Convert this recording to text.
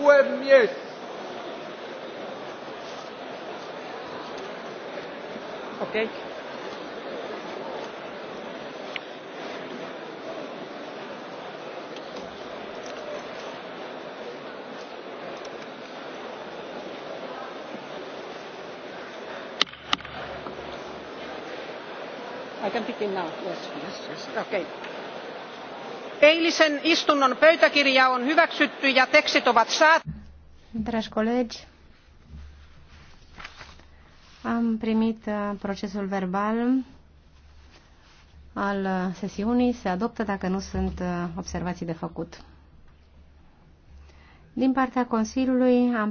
puhemies. Okay. I can begin now. Yes, yes, yes. Okay. Eilisen istunnon pöytäkirja on hyväksytty ja tekstit ovat saat. am primit uh, procesul verbal al uh, sesiunii. Se adoptă dacă nu sunt uh, observații de făcut. Din partea Consiliului am